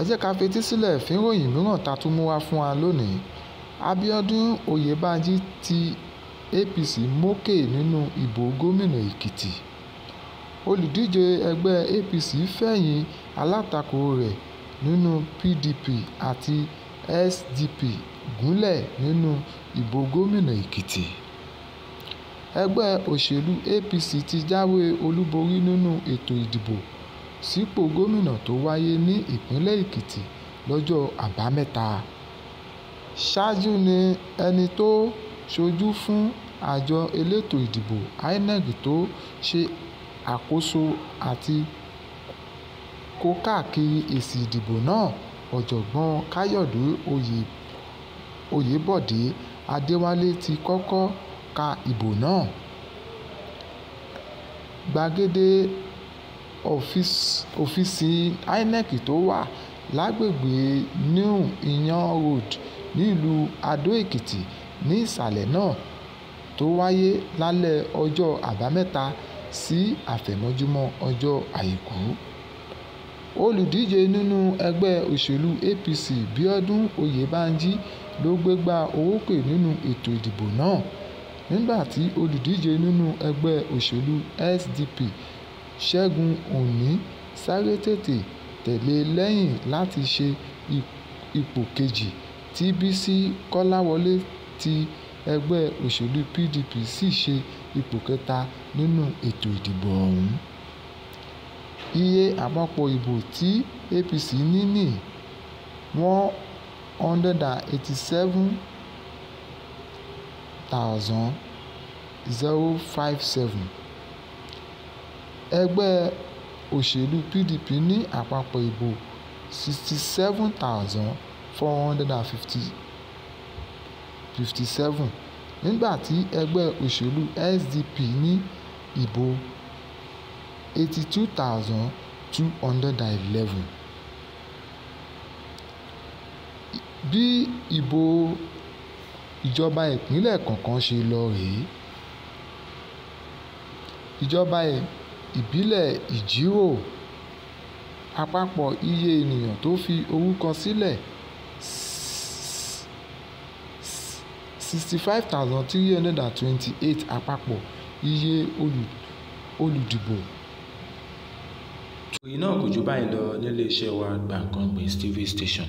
ẹ jẹ́ ká fetí sílẹ̀ fíròyìn mìíràn tá a tún mú wá fún wa lónìí abiodun oyèbánjí tí apc mókè nínú ìbò gómìnà èkìtì olùdíje ẹgbẹ́ apc fẹ̀yìn alátakò rẹ̀ nínú pdp àti sdp gúnlẹ̀ nínú ìbò gómìnà èkìtì ẹgbẹ́ òṣèlú apc ti jáwé olúborí nínú ètò ìdìbò sípò gómìnà tó wáyé ní ìpínlẹ̀ Èkìtì lọ́jọ́ Àbámẹ́ta. Ṣáájú ni ẹni tó ṣojú fún àjọ elétò ìdìbò (INEC) tó ṣe àkóso àti kó káàkiri èsì ìdìbò náà, Ọ̀jọ̀gbọ́n Káyọ̀dé Oyèbọ̀dé Adéwálé ti kọ́kọ́ ka ìbò náà. Gbàgede ọ́fíìsì inec tó wà lágbègbè new iyan road nílùú adó-èkìtì ní ìṣẹ̀lẹ̀ náà tó wáyé lálẹ́ ọjọ́ àbámẹ́ta sí àfẹ̀mọ́júmọ́ ọjọ́ àìkú olùdíje nínú ẹgbẹ́ òṣèlú apc bíọ́dún oyèbánjí ló gbégbá orókè nínú ètò ìdìbò náà nígbà tí olùdíje nínú ẹgbẹ́ òṣèlú sdp Ṣẹ́gun Òní sáré tètè tẹ̀lé e lẹ́yìn láti ṣe ipò kejì tí Bísí Kọ́láwọlé ti ẹgbẹ́ òṣèlú PDP sì ṣe ipò kẹ́ta nínú ètò ìdìbò ọ̀hún. Iye àpapọ̀ ìbò tí APC ní ní 187,057 ẹgbẹ́ òṣèlú pdp ní àpapọ̀ ìbò sixty seven thousand four hundred and fifty fifty seven nígbà tí ẹgbẹ́ òṣèlú sdp ní ìbò eighty two thousand two hundred and eleven. bí ìbò ìjọba ìpínlẹ̀ kọ̀ọ̀kan ṣe lọ rèé ìjọba ìpínlẹ̀ ìbílẹ̀ ìjírò àpapọ̀ iye ènìyàn tó fi orúkọ sílẹ̀ sixty five thousand three hundred and twenty eight àpapọ̀ iye olùdìbò. ìròyìn náà kò jù báyìí lọ níléeṣẹ́ wa Gbankanbi TV station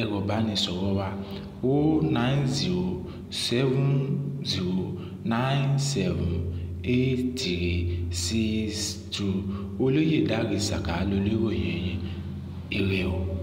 ẹ̀rọ ìbánisọ̀rọ̀ wa o oh nine zero seven zero nine seven eight three six two. Olóyèdárì Sàká lolóròyìn yín. Ire o.